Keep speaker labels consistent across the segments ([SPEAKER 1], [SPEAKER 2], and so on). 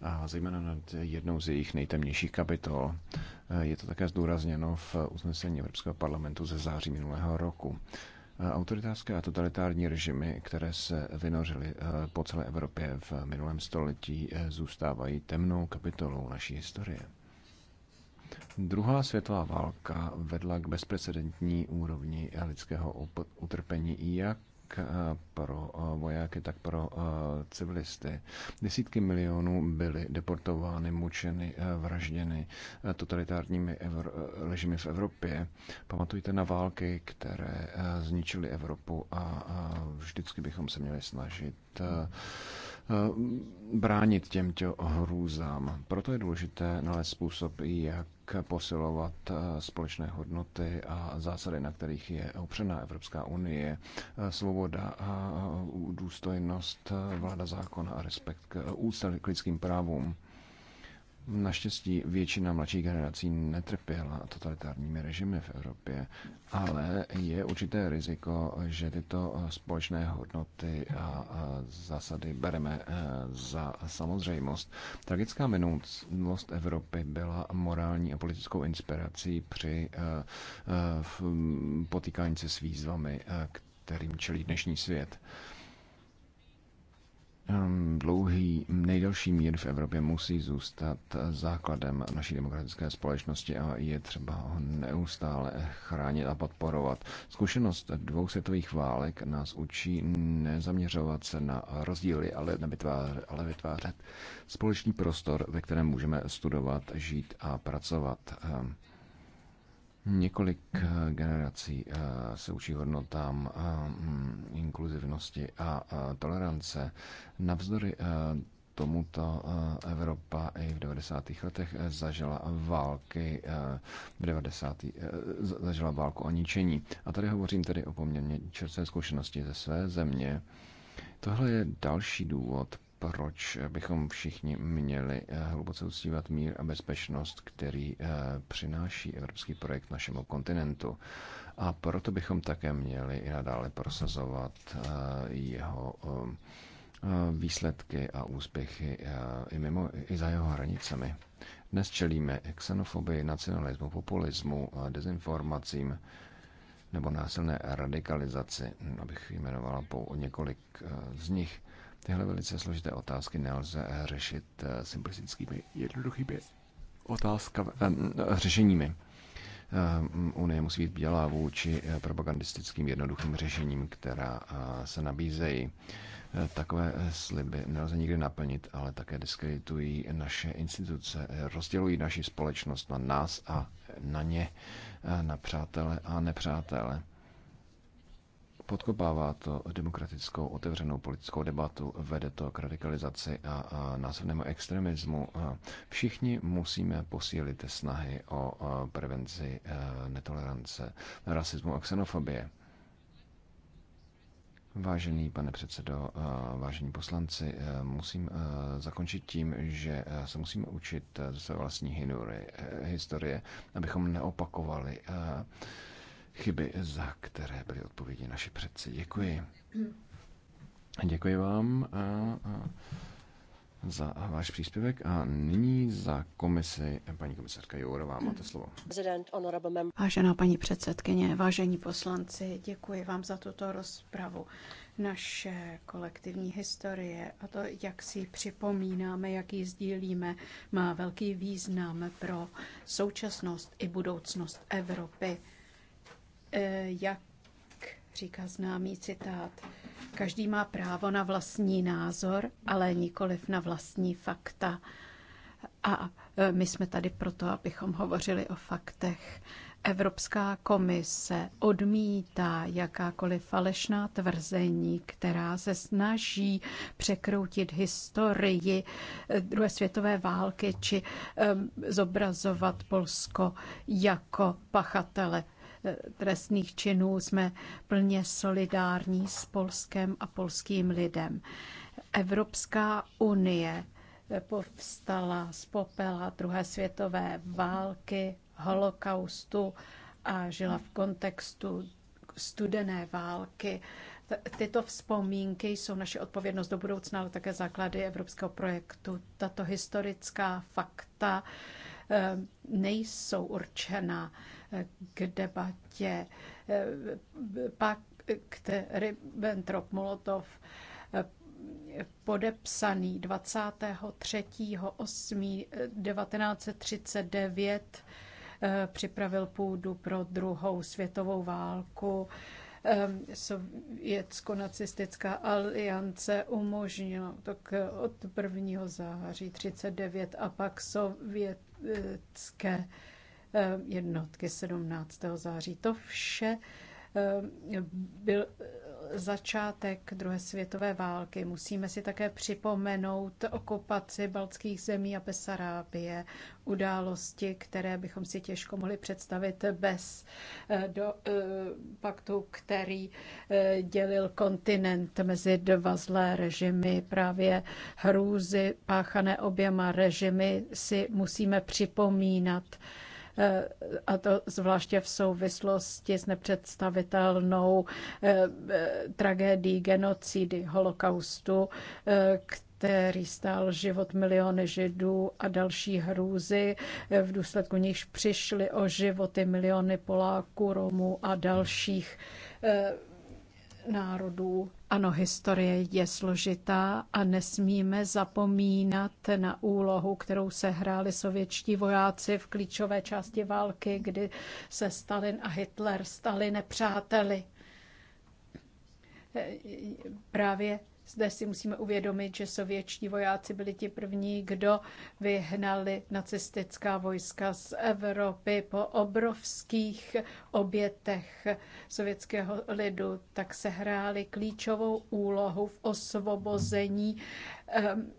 [SPEAKER 1] a zejména nad jednou z jejich nejtemnějších kapitol. Je to také zdůrazněno v usnesení Evropského parlamentu ze září minulého roku. Autoritářské a totalitární režimy, které se vynořily eh, po celé Evropě v minulém století, eh, zůstávají temnou kapitolou naší historie. Druhá světová válka vedla k bezprecedentní úrovni lidského utrpení jak Eh, pro eh, vojáky, tak pro eh, civilisty. Desítky milionů byly deportovány, mučeny, vražděny totalitárními režimy v Evropě. Pamatujte na války, které zničily Evropu a vždycky bychom se měli snažit bránit těmto hrůzám. Proto je důležité nalézt způsob, jak posilovat eh, společné hodnoty a zásady, na kterých je opřená Evropská unie, eh, svoboda a eh, důstojnost, vláda zákona a respekt k úcta k lidským právům. Naštěstí většina mladších generací netrpěla totalitárními režimy v Evropě, ale je určité riziko, že tyto eh, společné hodnoty a zásady bereme eh, za samozřejmost. Tragická minulost Evropy byla morální a politickou inspirací při eh, potýkání se s výzvami, kterým čelí dnešní svět. Ehm, dlouhý, nejdelší mír v Evropě musí zůstat základem naší demokratické společnosti a je třeba ho neustále chránit a podporovat. Zkušenost dvou světových válek nás učí nezaměřovat se na rozdíly, ale, nevytvář, ale vytvářet společný prostor, ve kterém můžeme studovat, žít a pracovat. Ehm, Několik eh, generací eh, se učí hodnotám eh, inkluzivnosti a tolerance. Navzdory tomuto Evropa i v 90. letech zažila války, v 90. zažila válku o ničení. A tady hovořím tedy o poměrně čerstvé zkušenosti ze své země. Tohle je další důvod, proč bychom všichni měli eh, hluboce uctívat mír a bezpečnost, který eh, přináší evropský projekt našemu kontinentu. A proto bychom také měli i nadále prosazovat eh, jeho výsledky a úspěchy i, mimo, i za jeho hranicemi. Dnes čelíme xenofobii, nacionalismu, populismu, dezinformacím nebo násilné radikalizaci, abych jmenovala po několik z nich. Tyhle velice složité otázky nelze eh, řešit eh, simplistickými jednoduchými otázkami, eh, řešeními. Unie musí být bělá vůči propagandistickým jednoduchým řešením, která se nabízejí. Takové sliby nelze nikdy naplnit, ale také diskreditují naše instituce, rozdělují naši společnost na nás a na ně, na přátele a nepřátele podkopává to demokratickou otevřenou politickou debatu, vede to k radikalizaci a, a následnému extremismu. Všichni musíme posílit snahy o prevenci e, netolerance, rasismu a xenofobie. Vážený pane předsedo, e, vážení poslanci, e, musím zakončit tím, že se musíme učit ze své vlastní historie, abychom neopakovali chyby, za které byly odpovědi naši předci. Děkuji. Děkuji vám a, a za váš příspěvek a nyní za komisi, paní komisarka Jourová, máte slovo.
[SPEAKER 2] Vážená paní předsedkyně, vážení poslanci, děkuji vám za tuto rozpravu. Naše kolektivní historie a to, jak si připomínáme, jak ji sdílíme, má velký význam pro současnost i budoucnost Evropy. Eh, jak říká známý citát, každý má právo na vlastní názor, ale nikoliv na vlastní fakta. A eh, my jsme tady proto, abychom hovořili o faktech. Evropská komise odmítá jakákoliv falešná tvrzení, která se snaží překroutit historii eh, druhé světové války či um, zobrazovat Polsko jako pachatele trestných činů jsme plně solidární s Polskem a polským lidem. Evropská unie povstala z popela druhé světové války, holokaustu a žila v kontextu studené války. Tyto vzpomínky jsou naše odpovědnost do budoucna, ale také základy evropského projektu. Tato historická fakta eh, nejsou určena k debatě pak Ribbentrop-Molotov podepsaný 23.8.1939 připravil půdu pro druhou světovou válku. Sovětsko-nacistická aliance umožnila tak od 1. září 39 a pak sovětské Eh, jednotky 17. září. To vše eh, byl začátek druhé světové války. Musíme si také připomenout okupaci baltských zemí a Besarábie, události, které bychom si těžko mohli představit bez eh, do, paktu, který dělil kontinent mezi dva zlé režimy. Právě hrůzy páchané oběma režimy si musíme připomínat Eh, a to zvláště v souvislosti s nepředstavitelnou eh, eh, tragédií genocidy holokaustu, který stál život miliony Židů a další hrůzy, v důsledku nichž přišly o životy miliony Poláků, Romů a dalších národů. Ano, historie je složitá a nesmíme zapomínat na úlohu, kterou se hráli sovětští vojáci v klíčové části války, kdy se Stalin a Hitler stali nepřáteli. E, právě zde si musíme uvědomit, že sovětští vojáci byli ti první, kdo vyhnali nacistická vojska z Evropy po obrovských obětech sovětského lidu, tak se hráli klíčovou úlohu v osvobození ehm,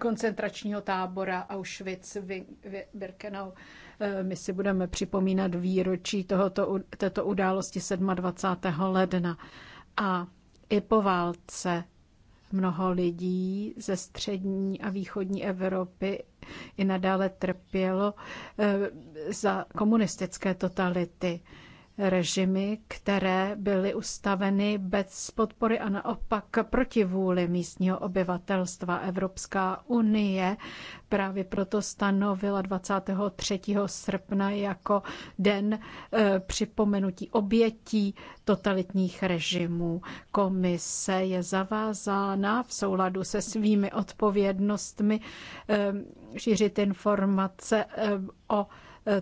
[SPEAKER 2] koncentračního tábora Auschwitz-Birkenau. Ehm, my si budeme připomínat výročí tohoto, této události 27. ledna. A i po válce mnoho lidí ze střední a východní Evropy i nadále trpělo eh, za komunistické totality režimy, které byly ustaveny bez podpory a naopak proti vůli místního obyvatelstva. Evropská unie právě proto stanovila 23. srpna jako den eh, připomenutí obětí totalitních režimů. Komise je zavázána v souladu se svými odpovědnostmi eh, šířit informace eh, o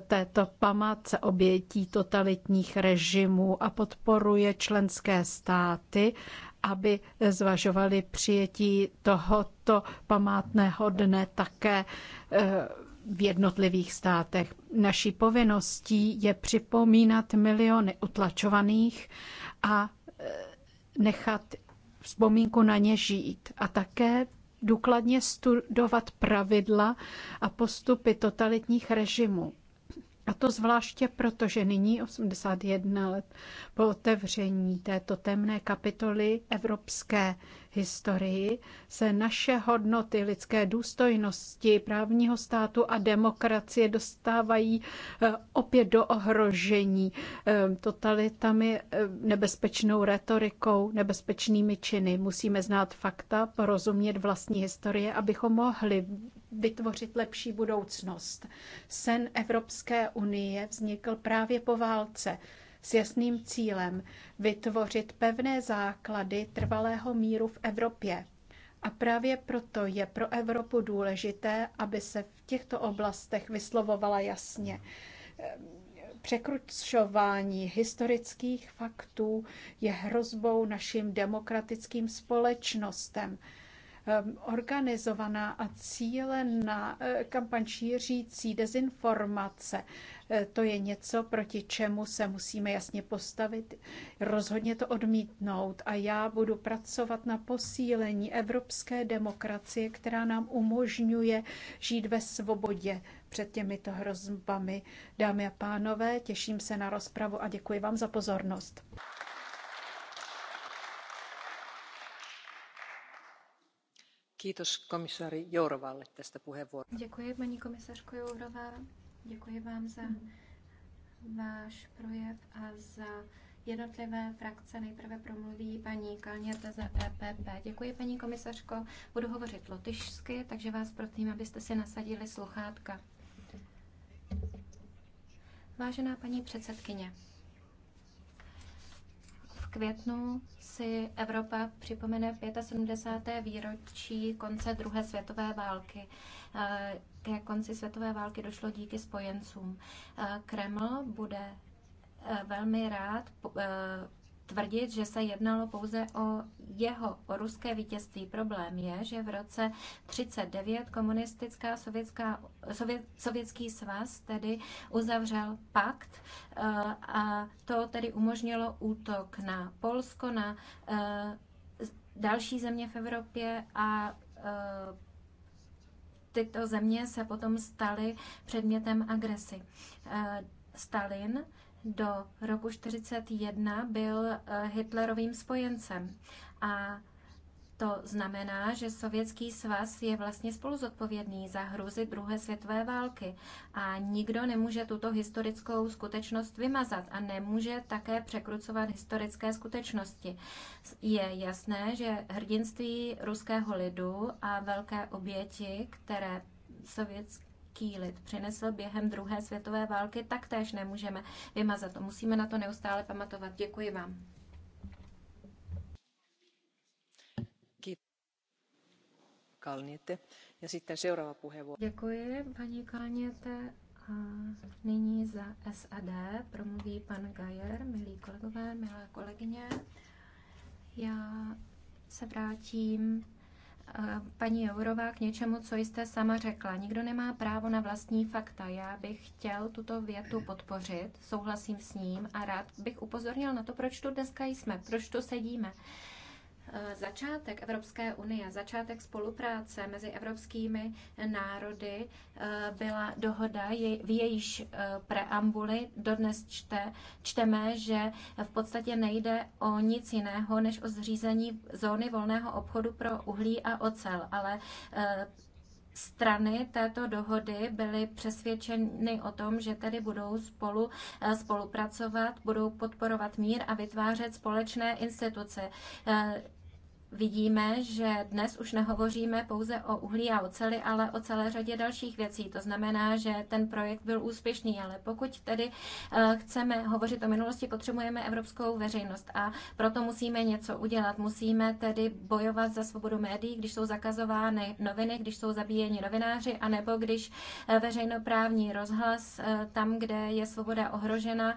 [SPEAKER 2] této památce obětí totalitních režimů a podporuje členské státy, aby zvažovali přijetí tohoto památného dne také eh, v jednotlivých státech. Naší povinností je připomínat miliony utlačovaných a eh, nechat vzpomínku na ně žít a také důkladně studovat pravidla a postupy totalitních režimů. A to zvláště proto, že nyní 81 let po otevření této temné kapitoly evropské historii se naše hodnoty lidské důstojnosti, právního státu a demokracie dostávají eh, opět do ohrožení eh, totalitami, eh, nebezpečnou retorikou, nebezpečnými činy. Musíme znát fakta, porozumět vlastní historie, abychom mohli vytvořit lepší budoucnost. Sen Evropské unie vznikl právě po válce s jasným cílem vytvořit pevné základy trvalého míru v Evropě. A právě proto je pro Evropu důležité, aby se v těchto oblastech vyslovovala jasně. Překručování historických faktů je hrozbou našim demokratickým společnostem. Ehm, organizovaná a cílená eh, kampaň šířící dezinformace. Eh, to je něco, proti čemu se musíme jasně postavit, rozhodně to odmítnout. A já budu pracovat na posílení evropské demokracie, která nám umožňuje žít ve svobodě před těmito hrozbami. Dámy a pánové, těším se na rozpravu a děkuji vám za pozornost.
[SPEAKER 3] Děkuji, paní komisařko Jourová. Děkuji vám za váš projev a za jednotlivé frakce. Nejprve promluví paní Kalněta za EPP. Děkuji, paní komisařko. Budu hovořit lotyšsky, takže vás prosím, abyste si nasadili sluchátka. Vážená paní předsedkyně, květnu si Evropa připomene 75. výročí konce druhé světové války. Eh, ke konci světové války došlo díky spojencům. Eh, Kreml bude eh, velmi rád tvrdit, že se jednalo pouze o jeho, o ruské vítězství. Problém je, že v roce 1939 komunistická sovětská, sovět, sovětský svaz tedy uzavřel pakt eh, a to tedy umožnilo útok na Polsko, na eh, další země v Evropě a eh, tyto země se potom staly předmětem agresy. Stalin do roku 1941 byl eh, Hitlerovým spojencem a to znamená, že Sovětský svaz je vlastně spoluzodpovědný za hruzy druhé světové války a nikdo nemůže tuto historickou skutečnost vymazat a nemůže také překrucovat historické skutečnosti. Je jasné, že hrdinství ruského lidu a velké oběti, které sovětské Kýlit přinesl během druhé světové války, tak též nemůžeme vymazat. Musíme na to neustále pamatovat. Děkuji vám.
[SPEAKER 4] Kalniete. Ja sitten seuraava puheenvuoro. Děkuji, paní Kalniete.
[SPEAKER 3] A nyní za SAD promluví pan Gajer, milí kolegové, milé kolegyně. Já se vrátím paní Jourová, k něčemu, co jste sama řekla. Nikdo nemá právo na vlastní fakta. Já bych chtěl tuto větu podpořit, souhlasím s ním a rád bych upozornil na to, proč tu dneska jsme, proč tu sedíme. Eh, začátek Evropské unie, začátek spolupráce mezi evropskými národy eh, byla dohoda, v jejíž eh, preambuli dodnes čte, čteme, že v podstatě nejde o nic jiného než o zřízení zóny volného obchodu pro uhlí a ocel, ale strany této dohody byly přesvědčeny o tom, že tedy budou spolu eh, spolupracovat, budou podporovat mír a vytvářet společné instituce. Eh, vidíme, že dnes už nehovoříme pouze o uhlí a oceli, ale o celé řadě dalších věcí. To znamená, že ten projekt byl úspěšný, ale pokud tedy eh, chceme hovořit o minulosti, potřebujeme evropskou veřejnost a proto musíme něco udělat. Musíme tedy bojovat za svobodu médií, když jsou zakazovány noviny, když jsou zabíjeni novináři, anebo když eh, veřejnoprávní rozhlas eh, tam, kde je svoboda ohrožena,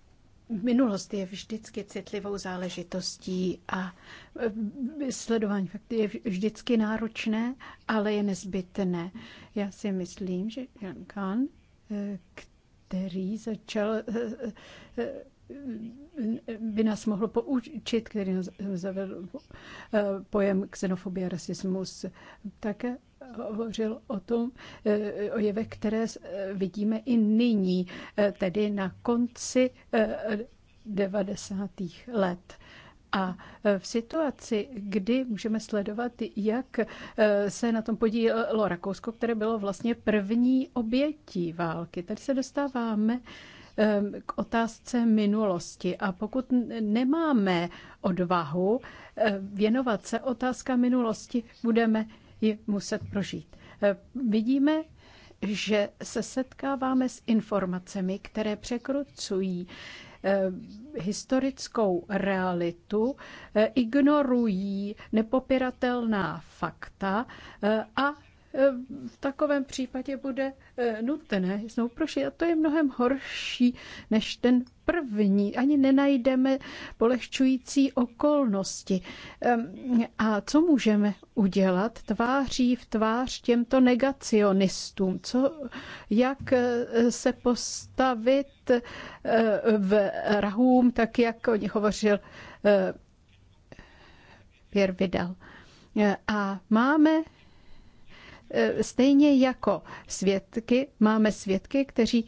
[SPEAKER 2] Minulost je vždycky citlivou záležitostí a e, sledování faktů je vždycky náročné, ale je nezbytné. Já si myslím, že Jan Kahn, e, který začal e, by nás mohlo poučit, který nás zavedl pojem xenofobie a rasismus. Také hovořil o tom, eh, o jevech, které vidíme i nyní, eh, tedy na konci 90. Eh, let. A v situaci, kdy můžeme sledovat, jak se na tom podílelo Rakousko, které bylo vlastně první obětí války, tady se dostáváme Ehm, k otázce minulosti. A pokud nemáme odvahu ehm, věnovat se otázka minulosti, budeme ji muset prožít. Ehm, vidíme, že se setkáváme s informacemi, které překrucují historickou realitu, ignorují nepopiratelná fakta a Eh, v takovém případě bude eh, nutné znovu prošit. A to je mnohem horší než ten první. Ani nenajdeme polehčující okolnosti. A co můžeme udělat tváří v tvář těmto negacionistům? Co, jak eh, se postavit v rahům, tak jak o nich hovořil Pierre Vidal? A máme E, stejně jako svědky, máme svědky, kteří e,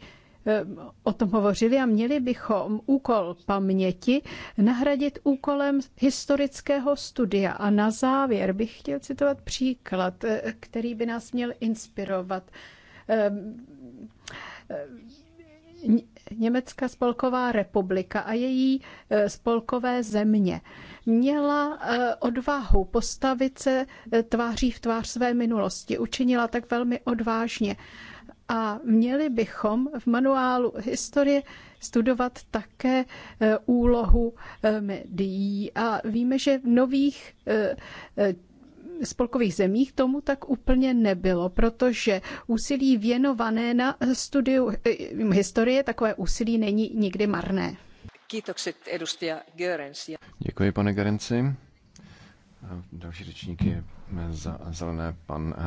[SPEAKER 2] o tom hovořili a měli bychom úkol paměti nahradit úkolem historického studia. A na závěr bych chtěl citovat příklad, e, který by nás měl inspirovat Německá spolková republika a její e, spolkové země měla e, odvahu postavit se e, tváří v tvář své minulosti. Učinila tak velmi odvážně. A měli bychom v manuálu historie studovat také úlohu médií. A víme, že v nových spolkových zemích tomu tak úplně nebylo, protože úsilí věnované na studiu eh, historie, takové úsilí není nikdy marné.
[SPEAKER 1] Děkuji, pane Gerenci. Další řečník je eh, za zelené pan eh,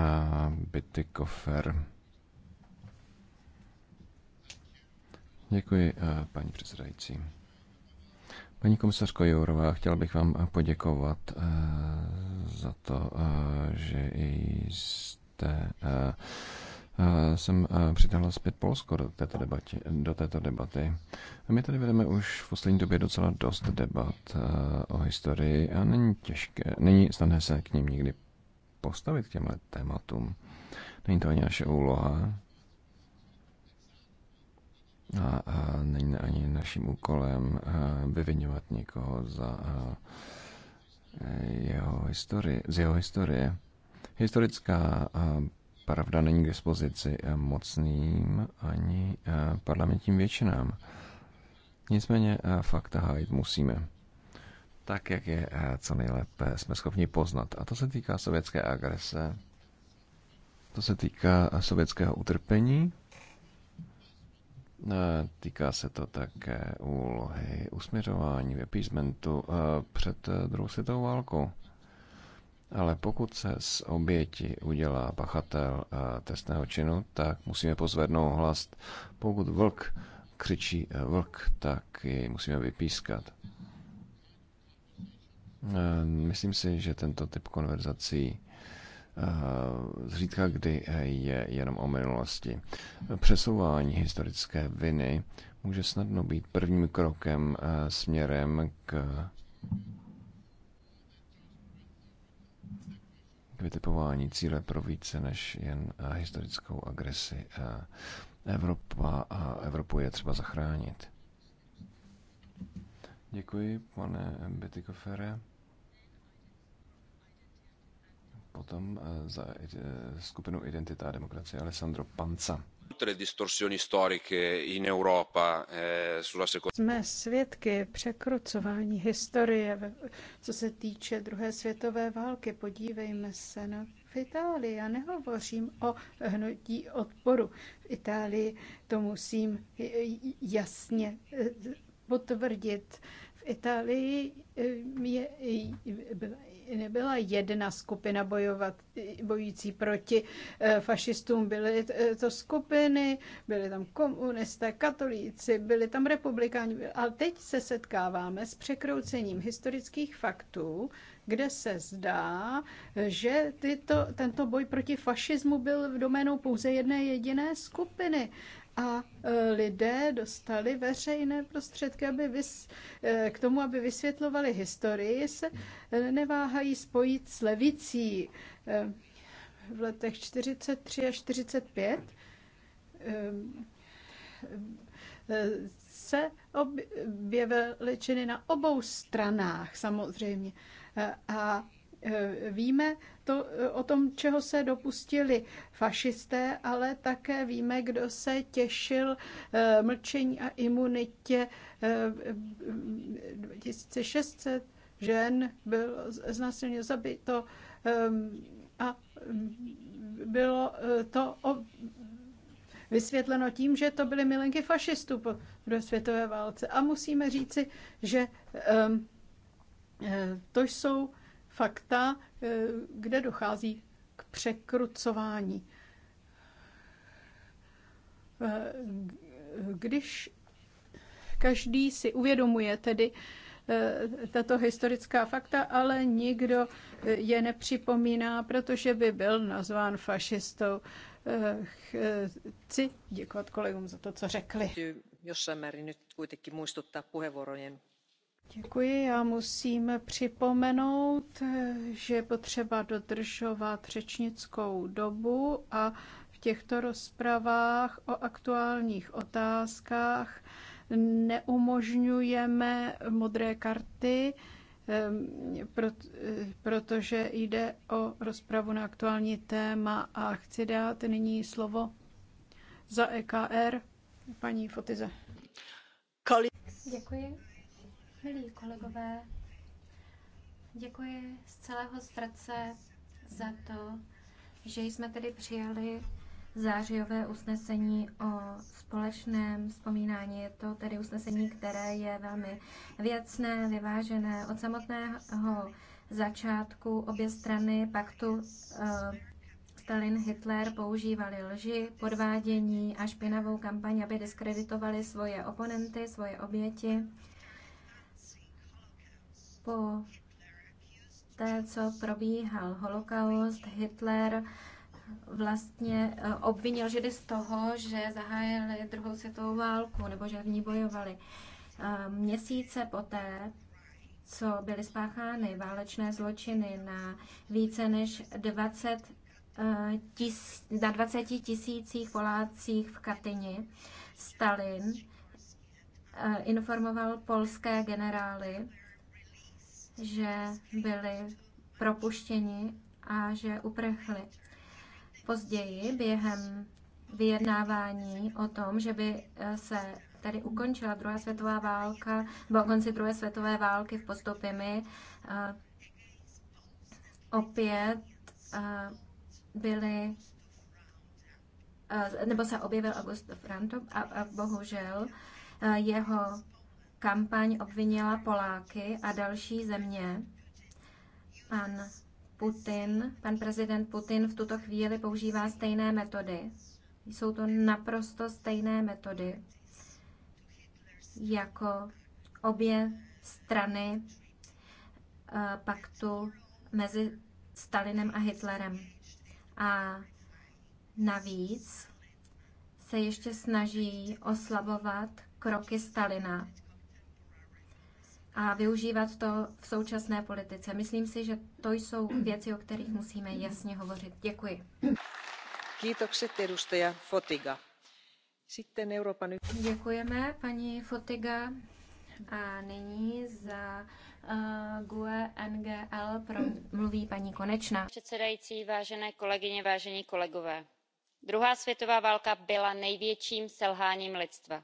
[SPEAKER 1] Bitykofer. Děkuji, paní předsedající. Paní komisařko Jourová, chtěl bych vám poděkovat eh, za to, eh, že jste jsem eh, přidala zpět Polsko do této, debati, do této debaty. A my tady vedeme už v poslední době docela dost debat o historii a není těžké, není snadné se k ním nikdy postavit k těmhle tématům. Není to ani naše úloha, a, a není ani naším úkolem vyvinovat někoho za jeho historie, z jeho historie. Historická pravda není k dispozici mocným ani parlamentním většinám. Nicméně fakta hájit musíme. Tak, jak je co nejlépe jsme schopni poznat. A to se týká sovětské agrese, to se týká sovětského utrpení, Eh, týká se to také úlohy usměřování v appeasementu eh, před eh, druhou světovou válkou. Ale pokud se z oběti udělá pachatel trestného činu, tak musíme pozvednout hlas. Pokud vlk křičí vlk, tak jej musíme vypískat. Myslím si, že tento typ konverzací Eh, zřídka kdy eh, je jenom o minulosti. Přesouvání historické viny může snadno být prvním krokem eh, směrem k k vytipování cíle pro více než jen historickou agresi. Evropa a Evropu je třeba zachránit. Děkuji, pane Betikofere potom eh, za eh, skupinu Identita a demokracie Alessandro Panca. Eh, Jsme
[SPEAKER 2] svědky překrucování historie, co se týče druhé světové války. Podívejme se na v Itálii. Já nehovořím o hnutí odporu. V Itálii to musím jasně potvrdit. V Itálii je, byla nebyla jedna skupina bojovat, bojící proti eh, fašistům. Byly eh, to skupiny, byly tam komunisté, katolíci, byli tam republikáni. Ale teď se setkáváme s překroucením historických faktů, kde se zdá, že tyto, tento boj proti fašismu byl v doménou pouze jedné jediné skupiny a e, lidé dostali veřejné prostředky, aby vys, e, k tomu, aby vysvětlovali historii, se e, neváhají spojit s levicí v letech 43 a 45 se objevily činy na obou stranách samozřejmě. A Eh, víme to, eh, o tom, čeho se dopustili fašisté, ale také víme, kdo se těšil eh, mlčení a imunitě 2600 žen bylo znásilně zabito a bylo to vysvětleno tím, že to byly milenky fašistů po druhé světové válce. A musíme říci, že to jsou fakta, eh, kde dochází k překrucování. Eh, když každý si uvědomuje tedy eh, tato historická fakta, ale nikdo je nepřipomíná, protože by byl nazván fašistou. Chci děkovat kolegům za to, co řekli.
[SPEAKER 4] Jossain määrin nyt kuitenkin muistuttaa puheenvuorojen
[SPEAKER 2] Děkuji. Já musím připomenout, že je potřeba dodržovat řečnickou dobu a v těchto rozpravách o aktuálních otázkách neumožňujeme modré karty, ehm, protože jde o rozpravu na aktuální téma a chci dát nyní slovo za EKR paní Fotize. Děkuji.
[SPEAKER 3] Milí kolegové, děkuji z celého srdce za to, že jsme tedy přijali zářijové usnesení o společném vzpomínání. Je to tedy usnesení, které je velmi věcné, vyvážené. Od samotného začátku obě strany paktu eh, Stalin, Hitler používali lži, podvádění a špinavou kampaň, aby diskreditovali svoje oponenty, svoje oběti po té, co probíhal holokaust, Hitler vlastně eh, obvinil Židy z toho, že zahájili druhou světovou válku nebo že v ní bojovali. Eh, měsíce poté, co byly spáchány válečné zločiny na více než 20 eh, tis, na 20 tisících Polácích v Katyni, Stalin informoval polské generály že byli propuštěni a že uprchli. Později během vyjednávání o tom, že by eh, se tady ukončila druhá světová válka, bo konci druhé světové války v postupy eh, opět eh, byli nebo se objevil August Franto a, a bohužel jeho kampaň obvinila Poláky a další země. Pan Putin, pan prezident Putin v tuto chvíli používá stejné metody. Jsou to naprosto stejné metody jako obě strany eh, paktu mezi Stalinem a Hitlerem. A navíc se ještě snaží oslabovat kroky Stalina a využívat to v současné politice. Myslím si, že to jsou věci, o kterých musíme jasně hovořit. Děkuji.
[SPEAKER 4] Kiitokset edustaja Fotiga.
[SPEAKER 3] Sitten Euroopan... Děkujeme, paní Fotiga. A nyní za uh, GUE NGL mluví paní Konečná.
[SPEAKER 5] Předsedající, vážené kolegyně, vážení kolegové. Druhá světová válka byla největším selháním lidstva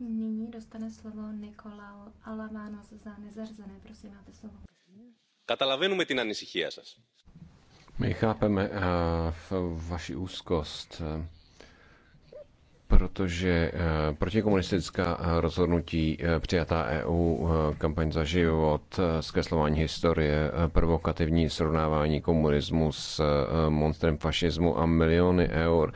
[SPEAKER 3] Nyní dostane slovo Nikolao Alavanos za nezařazené. Prosím, máte slovo.
[SPEAKER 4] Καταλαβαίνουμε την ανησυχία σας.
[SPEAKER 1] My chápeme uh, vaši úzkost protože eh, protikomunistická eh, rozhodnutí eh, přijatá EU, kampaň za život, zkreslování historie, provokativní srovnávání komunismu s monstrem fašismu a miliony eur,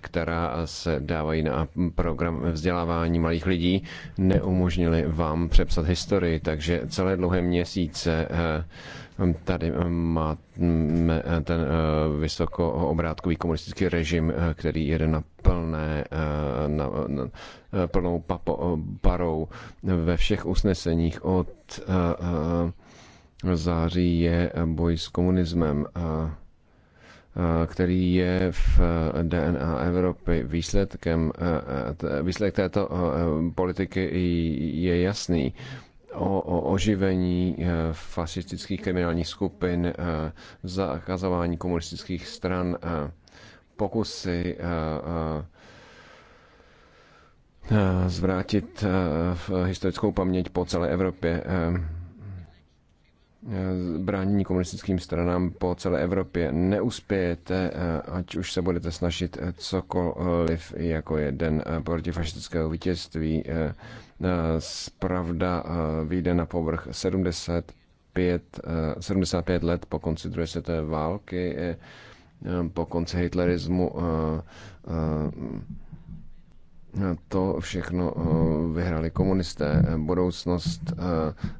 [SPEAKER 1] která se dávají na program vzdělávání malých lidí, neumožnili vám přepsat historii. Takže celé dlouhé měsíce Ehm, tady ehm, máme eh, ten eh, vysokoobrátkový komunistický režim, eh, který jede na plné, na, na, plnou papo, parou ve všech usneseních od září je boj s komunismem který je v DNA Evropy. Výsledkem, výsledek této politiky je jasný o, o oživení eh, fašistických kriminálních skupin, eh, zakazování komunistických stran, eh, pokusy zvrátit v historickou paměť po celé Evropě, bránění komunistickým stranám po celé Evropě neuspějete, ať už se budete snažit cokoliv jako jeden protifašistického vítězství, Pravda eh, vyjde na povrch 75, 75 eh, let po konci druhé světové války, eh, po konci hitlerismu to všechno vyhrali komunisté. Budoucnost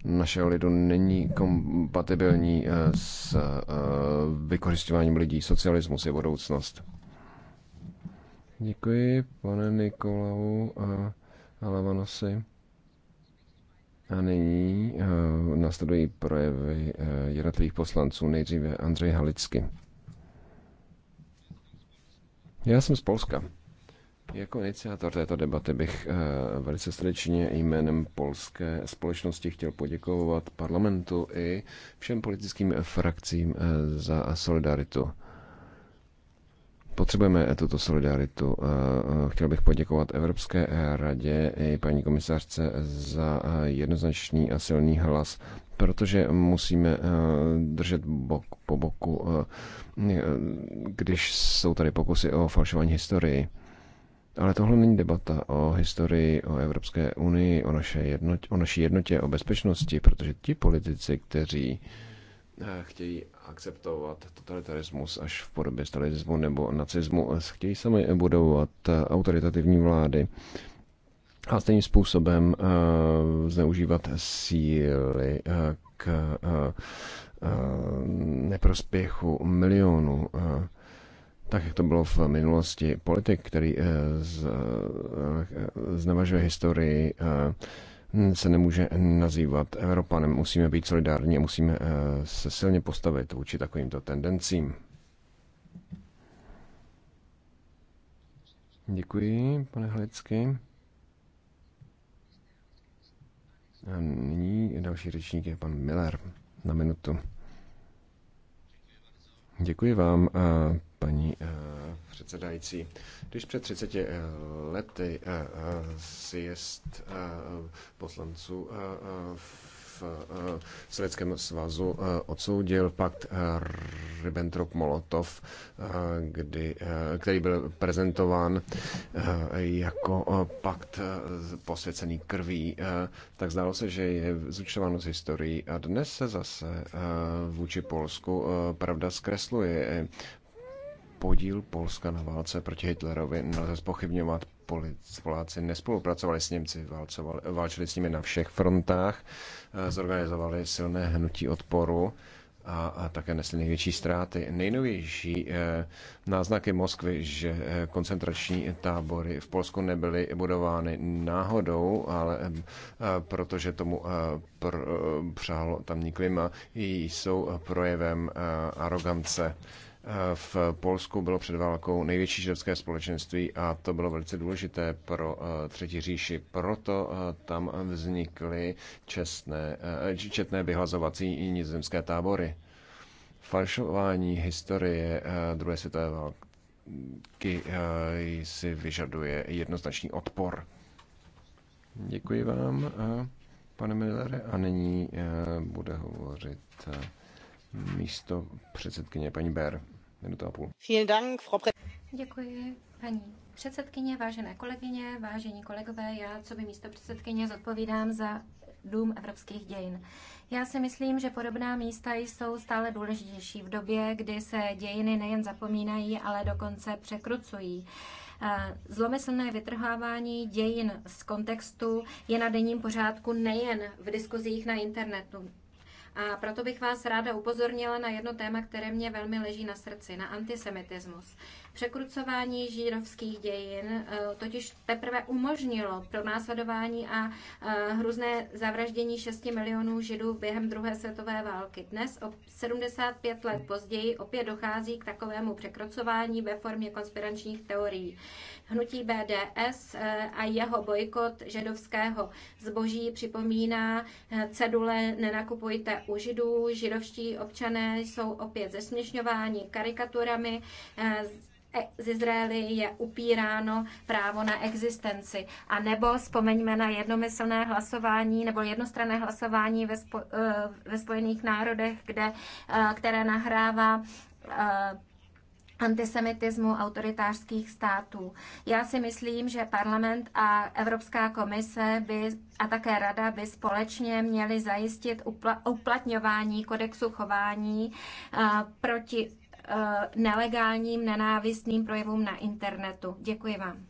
[SPEAKER 1] našeho lidu není kompatibilní s vykořišťováním lidí. Socialismus je budoucnost. Děkuji, pane Nikolau. A Alavanosy. A nyní uh, eh, nastavují projevy uh, jednotlivých poslanců, nejdříve Andřej Halicky. Já jsem z Polska. Jako iniciátor této debaty bych uh, velice srdečně jménem polské společnosti chtěl poděkovat parlamentu i všem politickým frakcím uh, za solidaritu Potřebujeme tuto solidaritu. Eh, eh, chtěl bych poděkovat Evropské eh, radě i paní komisařce za jednoznačný a silný hlas, protože musíme držet bok po boku, když jsou tady pokusy o falšování historii. Ale tohle není debata o historii, o Evropské unii, o, naše jednotě, o naší jednotě, o bezpečnosti, protože ti politici, kteří Eh, chtějí akceptovat totalitarismus až v podobě stalinismu nebo nacismu. Eh, chtějí sami budovat eh, autoritativní vlády a stejným způsobem zneužívat síly k neprospěchu milionů tak jak to bylo v minulosti, politik, který z, znevažuje historii, Hmm, se nemůže nazývat Evropanem. Musíme být solidární a musíme eh, se silně postavit vůči takovýmto tendencím. Děkuji, pane Hlicky. A nyní další řečník je pan Miller na minutu. Děkuji vám, eh, paní eh, předsedající. Když před 30 eh, lety uh, poslanců v Sovětském svazu odsoudil pakt Ribbentrop-Molotov, kdy, který byl prezentován jako pakt posvěcený krví, tak zdálo se, že je zúčtováno z historií a dnes se zase vůči Polsku pravda zkresluje podíl Polska na válce proti Hitlerovi nelze zpochybňovat. Poláci nespolupracovali s Němci, válčili s nimi na všech frontách, eh, zorganizovali silné hnutí odporu a, a také nesly největší ztráty. Nejnovější eh, náznaky Moskvy, že eh, koncentrační tábory v Polsku nebyly budovány náhodou, ale eh, protože tomu eh, pr, eh, přálo tamní klima, jsou projevem eh, arogance. Eh, v Polsku bylo před válkou největší židovské společenství a to bylo velice důležité pro eh, Třetí říši. Proto eh, tam vznikly čestné, eh, četné vyhlazovací i nizozemské tábory. Falšování historie druhé světové války si vyžaduje jednoznačný odpor. Děkuji vám, pane Millere, a nyní bude hovořit místo předsedkyně paní Bér. Minuta a půl.
[SPEAKER 3] Děkuji, paní předsedkyně, vážené kolegyně, vážení kolegové. Já, co by místo předsedkyně, zodpovídám za Dům evropských dějin. Já si myslím, že podobná místa jsou stále důležitější v době, kdy se dějiny nejen zapomínají, ale dokonce překrucují. Eh, zlomyslné vytrhávání dějin z kontextu je na denním pořádku nejen v diskuzích na internetu. A proto bych vás ráda upozornila na jedno téma, které mě velmi leží na srdci, na antisemitismus. Překrucování židovských dějin eh, totiž teprve umožnilo pro následování a eh, hrůzné zavraždění 6 milionů židů během druhé světové války. Dnes o 75 let později opět dochází k takovému překrucování ve formě konspiračních teorií. Hnutí BDS eh, a jeho bojkot židovského zboží připomíná cedule Nenakupujte u židů. Židovští občané jsou opět zesměšňováni karikaturami. Eh, e- z Izraeli je upíráno právo na existenci. A nebo vzpomeňme na jednomyslné hlasování nebo jednostranné hlasování ve, spo, eh, ve Spojených národech, kde, eh, které nahrává antisemitismu autoritářských států. Já si myslím, že parlament a Evropská komise by a také rada by společně měly zajistit uplatňování kodexu chování eh, proti eh, nelegálním nenávistným projevům na internetu. Děkuji vám.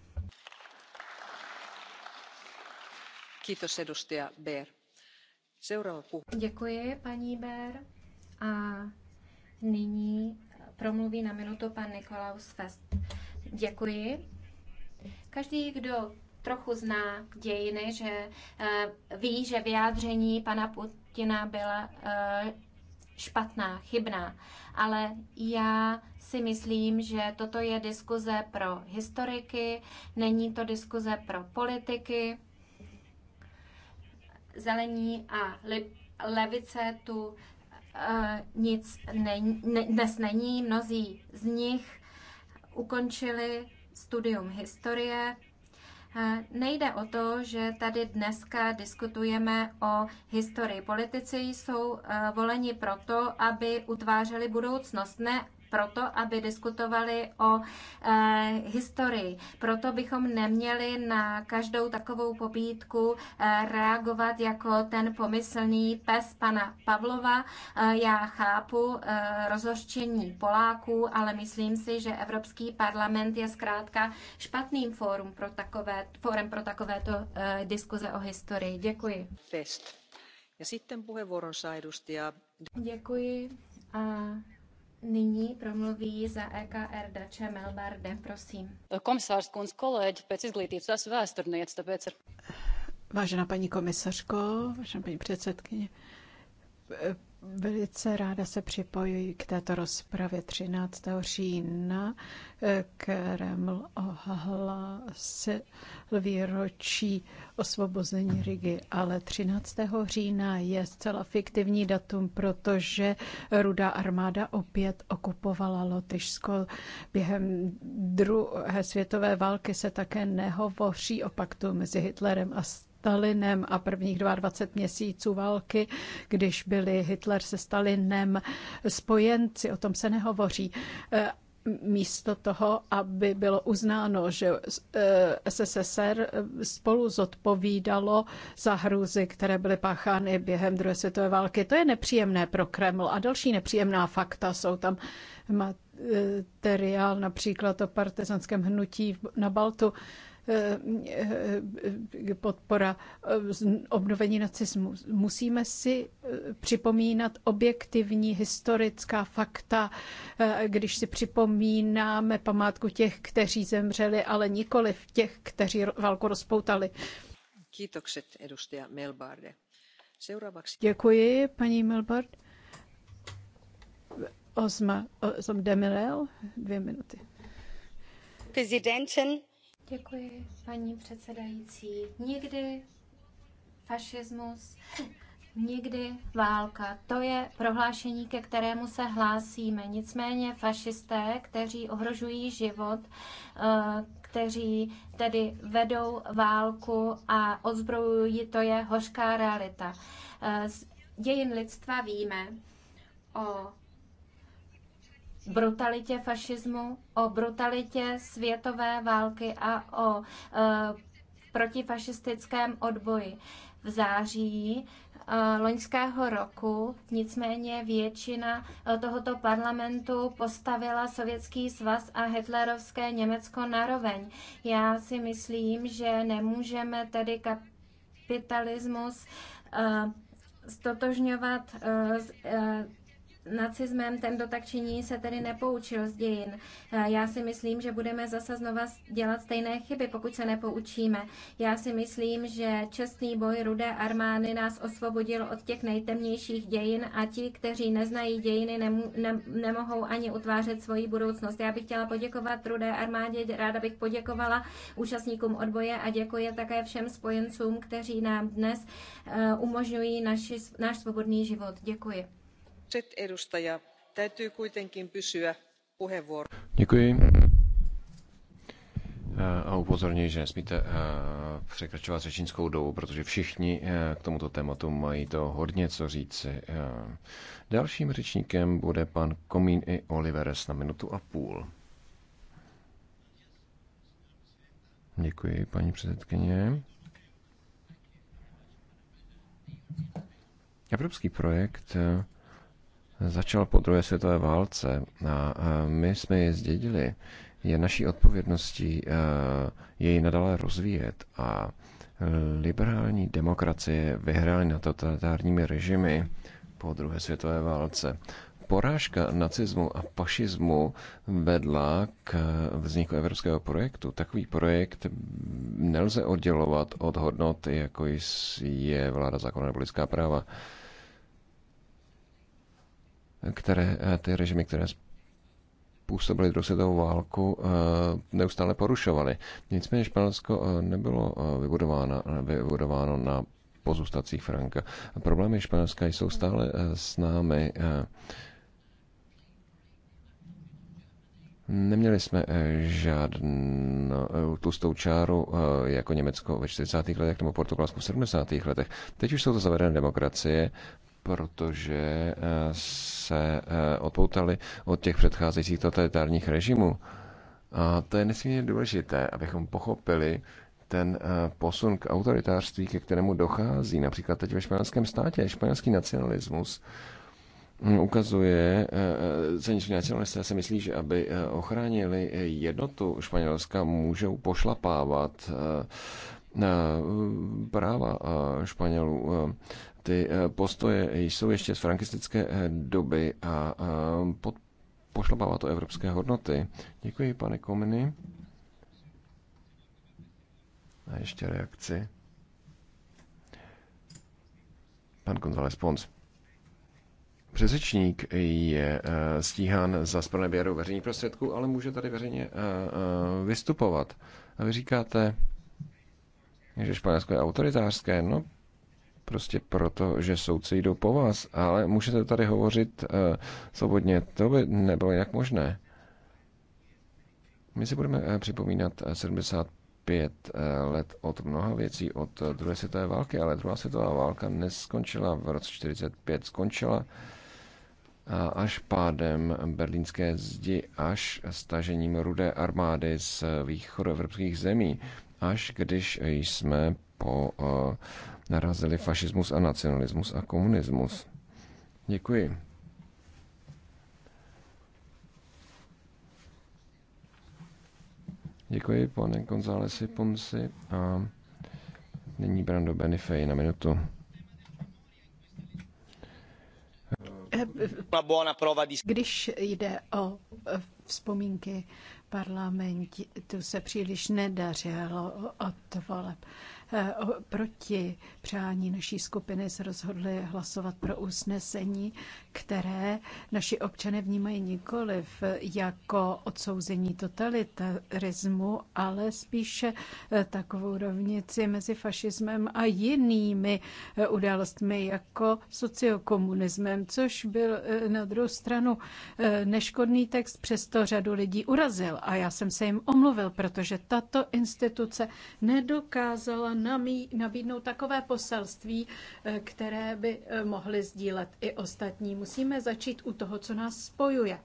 [SPEAKER 4] Děkuji, paní Ber
[SPEAKER 3] A nyní promluví na minutu pan Nikolaus Fest. Děkuji. Každý, kdo trochu zná dějiny, že eh, ví, že vyjádření pana Putina byla eh, špatná, chybná. Ale já si myslím, že toto je diskuze pro historiky, není to diskuze pro politiky. Zelení a levice tu Eh, nic ne, ne, dnes není. Mnozí z nich ukončili studium historie. Eh, nejde o to, že tady dneska diskutujeme o historii. Politici jsou eh, voleni proto, aby utvářeli budoucnost, ne proto, aby diskutovali o e, historii. Proto bychom neměli na každou takovou pobídku e, reagovat jako ten pomyslný pes pana Pavlova. E, já chápu e, rozhořčení Poláků, ale myslím si, že Evropský parlament je zkrátka špatným fórum pro takové, fórem pro takovéto e, diskuze o historii. Děkuji. Fest.
[SPEAKER 4] Ja sitten puheenvuoron saa edustaja...
[SPEAKER 3] Děkuji. A Nyní promluví za EKR Dače Melbarde, prosím.
[SPEAKER 4] Komisář Kunz, koleď, pēc izglītības esmu
[SPEAKER 6] vēsturniec, tāpēc ir...
[SPEAKER 2] Vážená paní komisařko, vážená paní předsedkyně, Velice ráda se připojuji k této rozpravě 13. října. Kreml ohlásil výročí osvobození Rigy, ale 13. října je zcela fiktivní datum, protože Rudá armáda opět okupovala Lotyšsko. Během druhé světové války se také nehovoří o paktu mezi Hitlerem a Stalinem a prvních 22 měsíců války, když byli Hitler se Stalinem spojenci, o tom se nehovoří e, místo toho, aby bylo uznáno, že e, SSSR spolu zodpovídalo za hrůzy, které byly páchány během druhé světové války. To je nepříjemné pro Kreml. A další nepříjemná fakta jsou tam materiál například o partizanském hnutí na Baltu. Eh, eh, podpora eh, obnovení nacismu. Musíme si připomínat objektivní historická fakta, když si připomínáme památku těch, kteří zemřeli, ale nikoli v těch, kteří válku rozpoutali.
[SPEAKER 4] Kiitokset, edustaja Melbarde. Seuraavaksi...
[SPEAKER 2] Děkuji, paní Melbard. Osma, osm Demirel, dvě minuty. Prezidentin,
[SPEAKER 3] Děkuji, paní předsedající. Nikdy fašismus, nikdy válka. To je prohlášení, ke kterému se hlásíme. Nicméně fašisté, kteří ohrožují život, eh, kteří tedy vedou válku a odzbrojují, to je hořká realita. Eh, z dějin lidstva víme o brutalitě fašismu, o brutalitě světové války a o e, protifašistickém odboji. V září e, loňského roku. Nicméně většina e, tohoto parlamentu postavila Sovětský svaz a hitlerovské Německo naroveň. Já si myslím, že nemůžeme tedy kapitalismus e, stotožňovat s nacismem, ten tak činí se tedy nepoučil z dějin. Já si myslím, že budeme zase znova dělat stejné chyby, pokud se nepoučíme. Já si myslím, že čestný boj rudé armády nás osvobodil od těch nejtemnějších dějin a ti, kteří neznají dějiny, nemů- ne, nemohou ani utvářet svoji budoucnost. Já bych chtěla poděkovat rudé armádě, ráda bych poděkovala účastníkům odboje a děkuji také všem spojencům, kteří nám dnes eh, umožňují naši, náš
[SPEAKER 4] svobodný život. Děkuji.
[SPEAKER 1] Děkuji. Eh, upozorňuji, že nesmíte eh, překračovat řečnickou dobu, protože všichni eh, k tomuto tématu mají to hodně co říci. Dalším řečníkem bude pan Komín i Oliveres na minutu a půl. Děkuji, paní předsedkyně. Evropský projekt začal po druhé světové válce a my jsme je zdědili, je naší odpovědností jej nadále rozvíjet a liberální demokracie vyhrály na totalitárními režimy po druhé světové válce. Porážka nacismu a fašismu vedla k vzniku evropského projektu. Takový projekt nelze oddělovat od hodnot, jako je vláda zákona nebo lidská práva které eh, ty režimy, které působili druhou světovou válku, eh, neustále porušovaly. Nicméně Španělsko eh, nebylo vybudováno, vybudováno na pozůstacích Franka. Problémy Španělska jsou stále s námi. Neměli jsme žádnou tlustou čáru jako Německo ve 40. letech nebo Portugalsku v 70. letech. Teď už jsou to zavedené demokracie, protože eh, se eh, odpoutali od těch předcházejících totalitárních režimů. A to je nesmírně důležité, abychom pochopili ten eh, posun k autoritářství, ke kterému dochází. Například teď ve španělském státě španělský nacionalismus hm, ukazuje, že nacionalisté se myslí, že aby ochránili jednotu Španělska, můžou pošlapávat práva Španělů ty eh, postoje jsou ještě z frankistické eh, doby a eh, pod, pošlapává to evropské hodnoty. Děkuji, pane Kominy. A ještě reakci. Pan González Pons. Přesečník je stíhán za běru veřejných prostředků, ale může tady veřejně vystupovat. A vy říkáte, že Španělsko je autoritářské. No, Prostě proto, že soudci jdou po vás, ale můžete tady hovořit eh, svobodně. To by nebylo jak možné. My si budeme eh, připomínat 75 eh, let od mnoha věcí od druhé světové války, ale druhá světová válka neskončila v roce 45, skončila až pádem berlínské zdi, až stažením rudé armády z východu evropských zemí, až když jsme po narazili fašismus a nacionalismus a komunismus. Děkuji. Děkuji, pane Gonzálesi Ponsi. A nyní Brando Benifej na minutu.
[SPEAKER 2] Když jde o vzpomínky parlamentu, se příliš nedařilo od voleb. Eh, proti přání naší skupiny se rozhodli hlasovat pro usnesení, které naši občané vnímají nikoliv jako odsouzení totalitarismu, ale spíše eh, takovou rovnici mezi fašismem a jinými eh, událostmi jako sociokomunismem, což byl na druhou stranu neškodný text, přesto řadu lidí urazil a já jsem se jim omluvil, protože tato instituce nedokázala namí, nabídnout takové poselství, eh, které by eh, mohly sdílet i ostatní. Musíme začít u toho, co nás spojuje.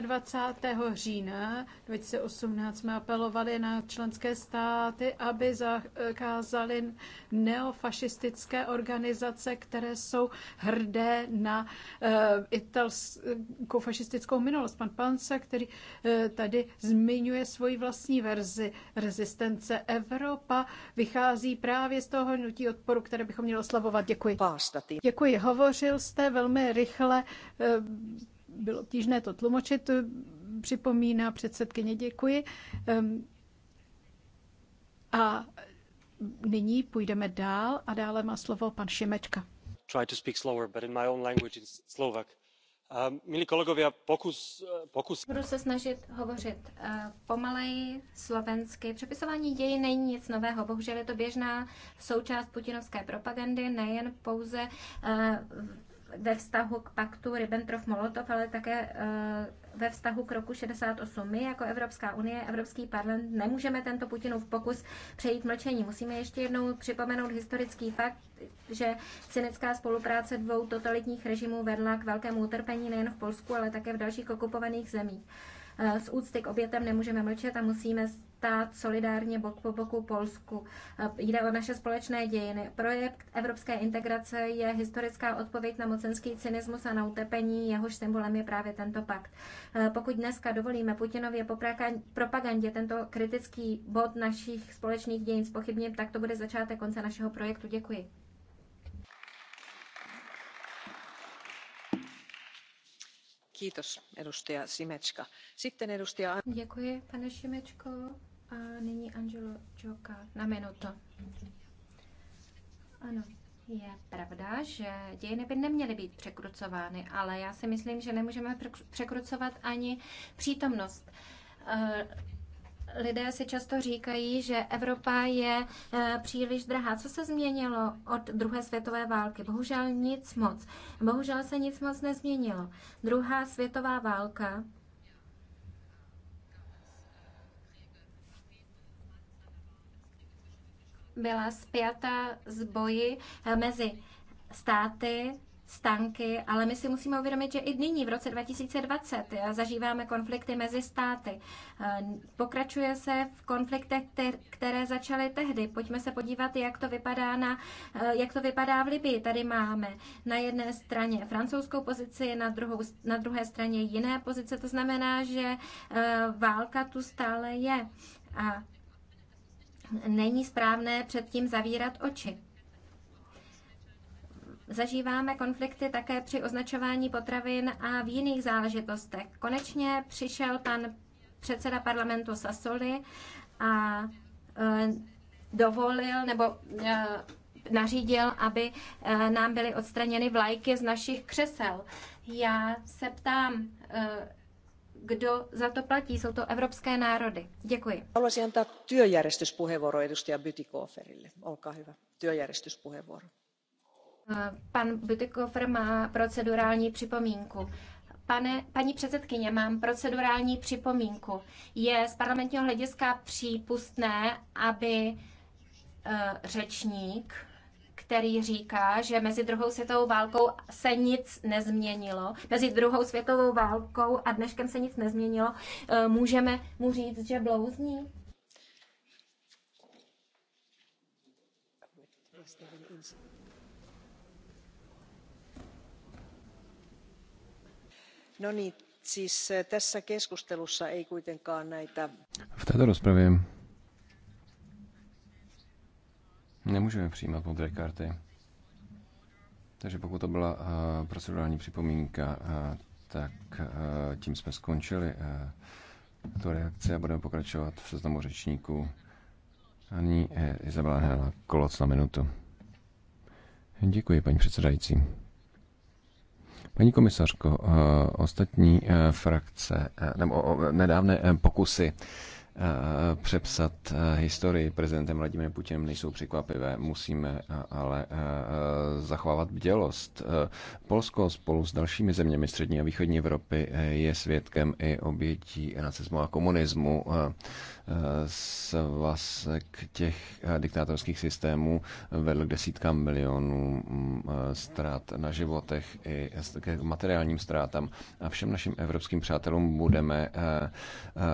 [SPEAKER 2] 25. října 2018 jsme apelovali na členské státy, aby zakázali neofašistické organizace, které jsou hrdé na uh, italskou fašistickou minulost. Pan Pansa, který uh, tady zmiňuje svoji vlastní verzi rezistence Evropa, vychází právě z toho hnutí odporu, které bychom měli oslavovat. Děkuji. Děkuji. Hovořil jste velmi rychle. Uh, bylo obtížné to tlumočit, eh, připomíná předsedkyně, děkuji. Ehm, a nyní půjdeme dál a dále má slovo pan Šimečka.
[SPEAKER 4] Try to speak slower,
[SPEAKER 1] but in my own language it's Slovak. Ehm, milí kolegovia, pokus, eh, pokus... Budu se
[SPEAKER 3] snažit hovořit uh, pomaleji, slovensky. Přepisování ději není nic nového. Bohužel je to běžná součást putinovské propagandy, nejen pouze uh, ve vztahu k paktu Ribbentrop-Molotov, ale také eh, ve vztahu k roku 68. My jako Evropská unie, Evropský parlament nemůžeme tento Putinův pokus přejít mlčení. Musíme ještě jednou připomenout historický fakt, že cynická spolupráce dvou totalitních režimů vedla k velkému utrpení nejen v Polsku, ale také v dalších okupovaných zemích. s eh, úcty k obětem nemůžeme mlčet a musíme stát solidárně bok po boku Polsku. Eh, jde o naše společné dějiny. Projekt evropské integrace je historická odpověď na mocenský cynismus a na utepení, jehož symbolem je právě tento pakt. Eh, pokud dneska dovolíme Putinově propagandě tento kritický bod našich společných dějin spochybnit, tak to bude začátek konce našeho projektu. Děkuji. Děkuji, pane Šimečko. A nyní Angelo Joka na minutu. Ano, je pravda, že dějiny by neměly být překrucovány, ale já si myslím, že nemůžeme překrucovat ani přítomnost eh, Lidé si často říkají, že Evropa je eh, příliš drahá. Co se změnilo od druhé světové války? Bohužel nic moc. Bohužel se nic moc nezměnilo. Druhá světová válka byla zpěta z boji eh, mezi státy stanky, ale my si musíme uvědomit, že i nyní, v roce 2020, eh, zažíváme konflikty mezi státy. Eh, pokračuje se v konfliktech, které začaly tehdy. Pojďme se podívat, jak to vypadá, na, eh, jak to vypadá v Libii. Tady máme na jedné straně francouzskou pozici, na, druhou, na druhé straně jiné pozice. To znamená, že válka tu stále je. A není správné předtím zavírat oči. Zažíváme konflikty také při označování potravin a v jiných záležitostech. Konečně přišel pan předseda parlamentu Sasoli a e, dovolil nebo e, nařídil, aby e, nám byly odstraněny vlajky z našich křesel. Já se ptám, kdo za to platí? Jsou to evropské národy. Děkuji.
[SPEAKER 4] Haluaisin antaa työjärjestyspuheenvuoro edustaja Bytikoferille. Olkaa hyvä. Työjärjestyspuheenvuoro.
[SPEAKER 3] Eh, pan Butikofer má procedurální připomínku. Pane, paní předsedkyně, mám procedurální připomínku. Je z parlamentního hlediska přípustné, aby eh, řečník, který říká, že mezi druhou světovou válkou se nic nezměnilo, mezi druhou světovou válkou a dneškem se nic nezměnilo, eh, můžeme mu říct, že blouzní?
[SPEAKER 4] Thank No niin, eh,
[SPEAKER 1] V této rozpravě nemůžeme přijímat modré karty. Takže pokud to byla uh, procedurální připomínka, eh, tak tím jsme skončili uh, tu reakci a budeme pokračovat v seznamu řečníků. A nyní Izabela Hela, koloc na minutu. Děkuji, paní předsedající. Paní komisařko, eh, ostatní eh, frakce, eh, nebo nedávné pokusy přepsat historii prezidentem Vladimirem Putinem nejsou překvapivé. Musíme ale zachovávat bdělost. Polsko spolu s dalšími zeměmi střední a východní Evropy je svědkem i obětí nacismu a komunismu svazek těch eh, diktátorských systémů vedl k desítkám milionů mm, eh, ztrát na životech i k materiálním ztrátám. A všem našim evropským přátelům budeme eh,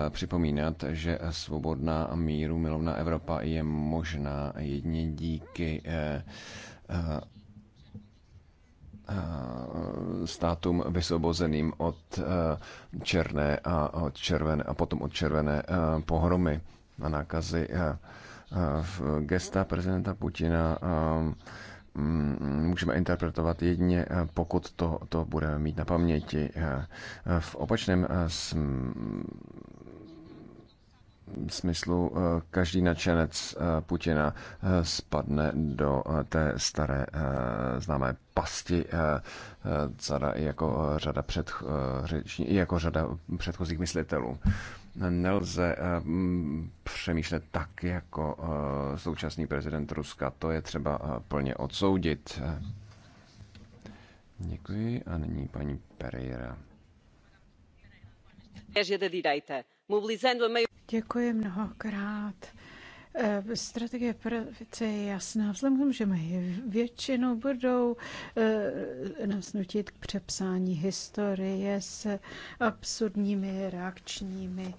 [SPEAKER 1] připomínat, že svobodná a míru milovná Evropa je možná jedině díky Eh, státům vysobozeným od eh, černé a od červené a potom od červené eh, pohromy a nákazy v gesta prezidenta Putina mm, můžeme interpretovat jedině, pokud to, to budeme mít na paměti. V opačném smyslu eh, každý nadšenec eh, Putina eh, spadne do té staré známé pasti cara jako řada, i jako řada předchozích myslitelů. Nelze přemýšlet tak jako současný prezident Ruska. To je třeba plně odsoudit. Děkuji a nyní paní Pereira.
[SPEAKER 4] Ježe da direita, mobilizando meio
[SPEAKER 2] Děkuji mnohokrát. Eh, strategie pravice je jasná, vzhledem k tomu, že mají většinou budou eh, nás nutit k přepsání historie s absurdními reakčními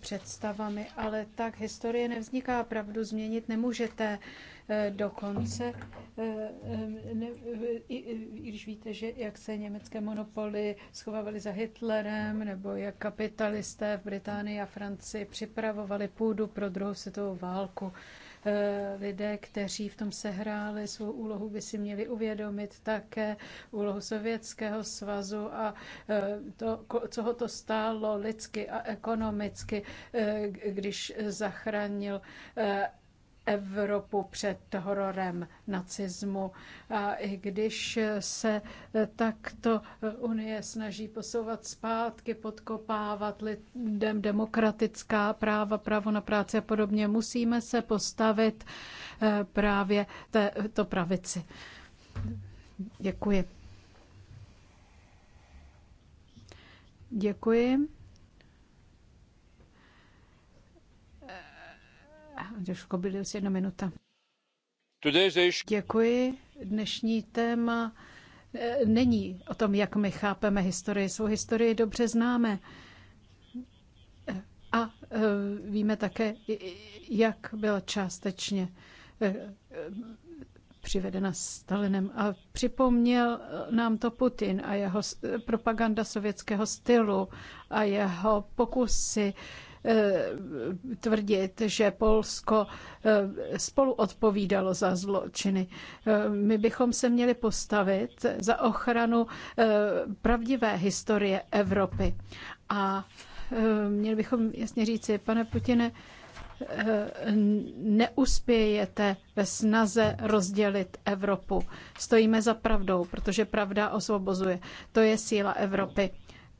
[SPEAKER 2] představami, ale tak historie nevzniká, pravdu změnit nemůžete e, dokonce, e, e, i když víte, že jak se německé monopoly schovávaly za Hitlerem, nebo jak kapitalisté v Británii a Francii připravovali půdu pro druhou světovou válku, Eh, lidé, kteří v tom sehráli svou úlohu, by si měli uvědomit také úlohu Sovětského svazu a eh, to, co ho to stálo lidsky a ekonomicky, eh, když zachránil Evropu před hororem nacismu. A i když se takto Unie snaží posouvat zpátky, podkopávat lidem demokratická práva, právo na práci a podobně, musíme se postavit eh, právě to pravici. Děkuji. Děkuji. jedna minuta. Děkuji. Dnešní téma eh, není o tom, jak my chápeme historii. Svou historii dobře známe. A eh, víme také, jak byla částečně eh, přivedena Stalinem. A připomněl nám to Putin a jeho propaganda sovětského stylu a jeho pokusy Eh, tvrdit, že Polsko eh, spolu odpovídalo za zločiny. Eh, my bychom se měli postavit za ochranu pravdivé historie Evropy. A měli bychom jasně říci, pane Putine, neuspějete ve snaze rozdělit Evropu. Stojíme za pravdou, protože pravda osvobozuje. To je síla Evropy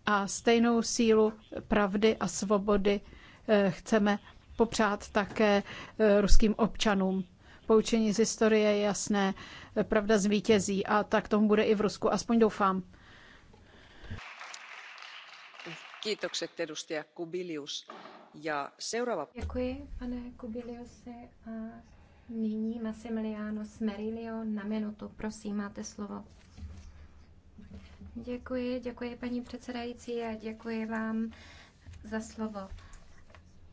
[SPEAKER 2] a stejnou sílu pravdy a svobody eh, chceme popřát také eh, ruským občanům. Poučení z historie je jasné, eh, pravda zvítězí a tak tomu bude i v Rusku, aspoň doufám.
[SPEAKER 4] Děkuji, pane Kubiliusi.
[SPEAKER 3] A nyní Massimiliano Smerilio na minutu. Prosím, máte slovo. Děkuji, děkuji paní předsedající a děkuji vám za slovo.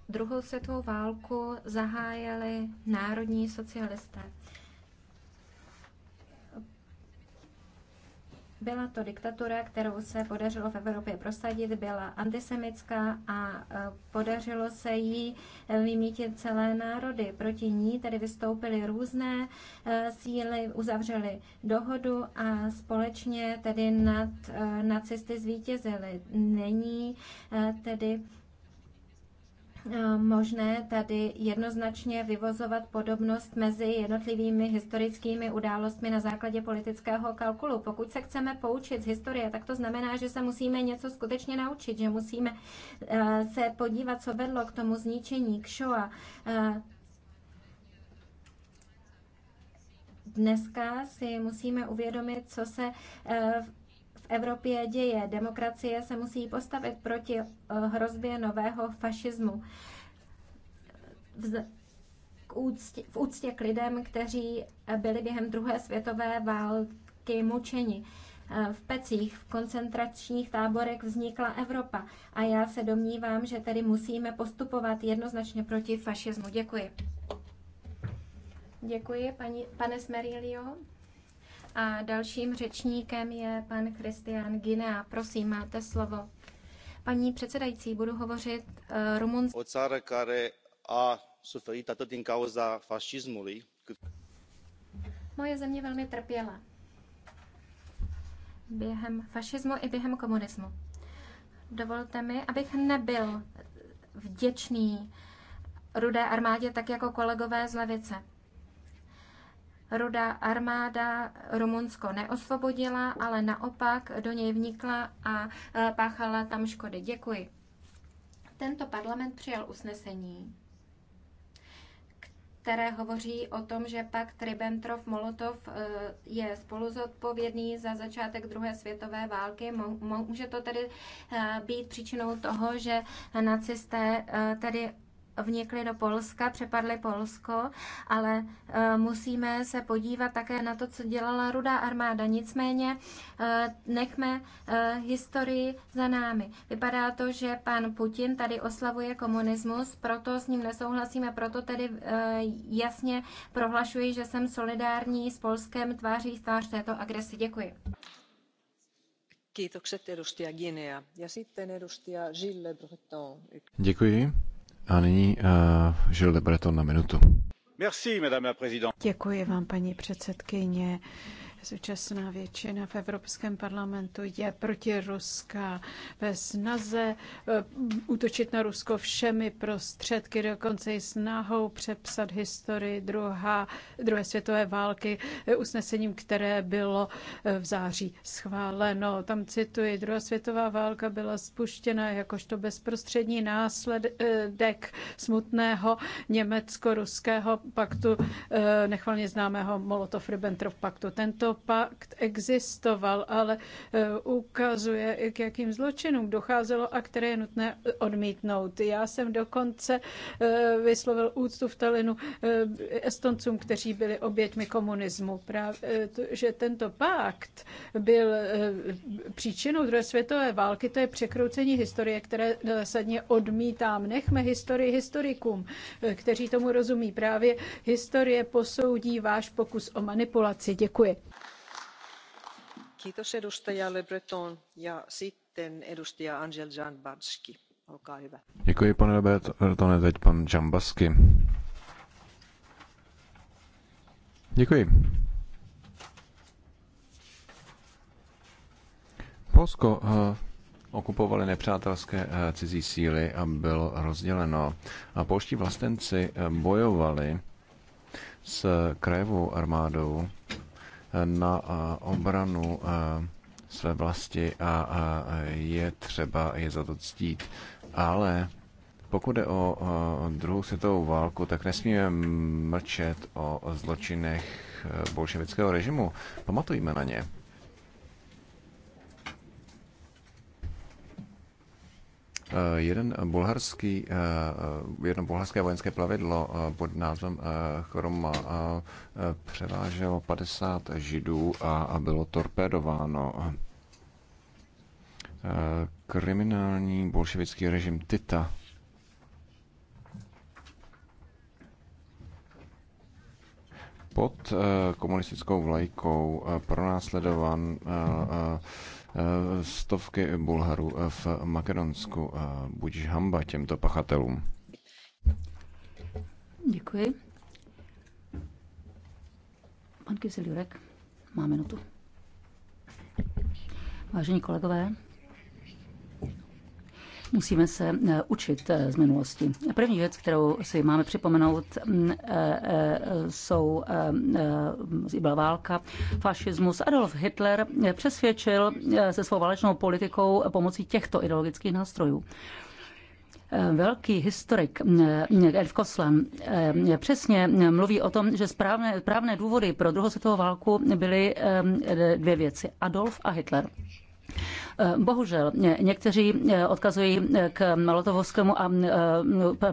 [SPEAKER 3] Druhou světovou válku zahájili národní socialisté. Byla to diktatura, kterou se podařilo v Evropě prosadit, byla antisemická a e, podařilo se jí e, vymítit celé národy. Proti ní tedy vystoupily různé e, síly, uzavřely dohodu a společně tedy nad nacisty zvítězili. Není tedy Eh, možné tady jednoznačně vyvozovat podobnost mezi jednotlivými historickými událostmi na základě politického kalkulu. Pokud se chceme poučit z historie, tak to znamená, že se musíme něco skutečně naučit, že musíme eh, se podívat, co vedlo k tomu zničení, k Shoah. Eh, dneska si musíme uvědomit, co se v Evropě děje. Demokracie se musí postavit proti eh, hrozbě nového fašismu. V úctě, v úctě k lidem, kteří eh, byli během druhé světové války mučeni. Eh, v pecích, v koncentračních táborech vznikla Evropa a já se domnívám, že tedy musíme postupovat jednoznačně proti fašismu. Děkuji. Děkuji, paní, pane Smerilio. A dalším řečníkem je pan Kristián Ginea. Prosím, máte slovo. Paní předsedající, budu hovořit uh, rumunsky.
[SPEAKER 2] O țară care a suferit atât din cauza fascismului,
[SPEAKER 3] Moje země velmi trpěla. Během fašismu i během komunismu. Dovolte mi, abych nebyl vděčný rudé armádě tak jako kolegové z levice. Ruda armáda Rumunsko neosvobodila, ale naopak do něj vnikla a e, páchala tam škody. Děkuji. Tento parlament přijal usnesení, které hovoří o tom, že pak Ribbentrop-Molotov e, je spoluzodpovědný za začátek druhé světové války. Může to tedy e, být příčinou toho, že nacisté tedy vnikli do Polska, přepadli Polsko, ale e, musíme se podívat také na to, co dělala rudá armáda. Nicméně e, nechme e, historii za námi. Vypadá to, že pan Putin tady oslavuje komunismus, proto s ním nesouhlasím a proto tedy jasně prohlašuji, že jsem solidární s Polskem tváří v tvář této agresi. Děkuji.
[SPEAKER 4] Ja
[SPEAKER 1] Děkuji. A nyní uh, eh, Žil Lebreton na minutu.
[SPEAKER 2] Děkuji vám, paní předsedkyně. Současná většina v Evropském parlamentu je proti Ruska ve snaze eh, útočit na Rusko všemi prostředky, dokonce i snahou přepsat historii druhá, druhé světové války eh, usnesením, které bylo eh, v září schváleno. Tam cituji, druhá světová válka byla spuštěna jakožto bezprostřední následek smutného německo-ruského paktu, nechvalně známého Molotov-Ribbentrop paktu. Tento tento pakt existoval, ale eh, ukazuje, k jakým zločinům docházelo a které je nutné odmítnout. Já jsem dokonce eh, vyslovil úctu v Talinu eh, Estoncům, kteří byli oběťmi komunismu. Právě, že tento pakt byl příčinou druhé světové války, to je překroucení historie, které zásadně odmítám. Nechme historii historikům, kteří tomu rozumí. Právě historie posoudí váš pokus o manipulaci. Děkuji.
[SPEAKER 1] Děkuji, pane Breton, teď pan Džambasky. Děkuji. Polsko eh, okupovali nepřátelské eh, cizí síly a bylo rozděleno. A polští vlastenci eh, bojovali s krajovou armádou na eh, obranu eh, své vlasti a je třeba je za to ctít. Ale pokud je o druhou světovou válku, tak nesmíme mlčet o zločinech eh, bolševického režimu. Pamatujme na ně. Eh, jeden bulharský, eh, jedno bulharské vojenské plavidlo eh, pod názvem Chroma převáželo 50 židů a bylo torpédováno. Kriminální bolševický režim Tita pod komunistickou vlajkou pronásledovan Eh, stovky Bulharů eh, v Makedonsku. Eh, Buď hamba těmto pachatelům.
[SPEAKER 6] Děkuji. Pan Jurek má minutu. Vážení kolegové, Musíme se eh, učit eh, z minulosti. První věc, kterou si máme připomenout, mm, eh, jsou, byla válka, fašismus. Adolf Hitler přesvědčil se svou válečnou politikou pomocí těchto ideologických nástrojů velký historik mm, Elf Koslan přesně mluví o tom, že správné, správné důvody pro druhou světovou válku byly dvě věci. Adolf a Hitler. Bohužel někteří odkazují k Malotovskému a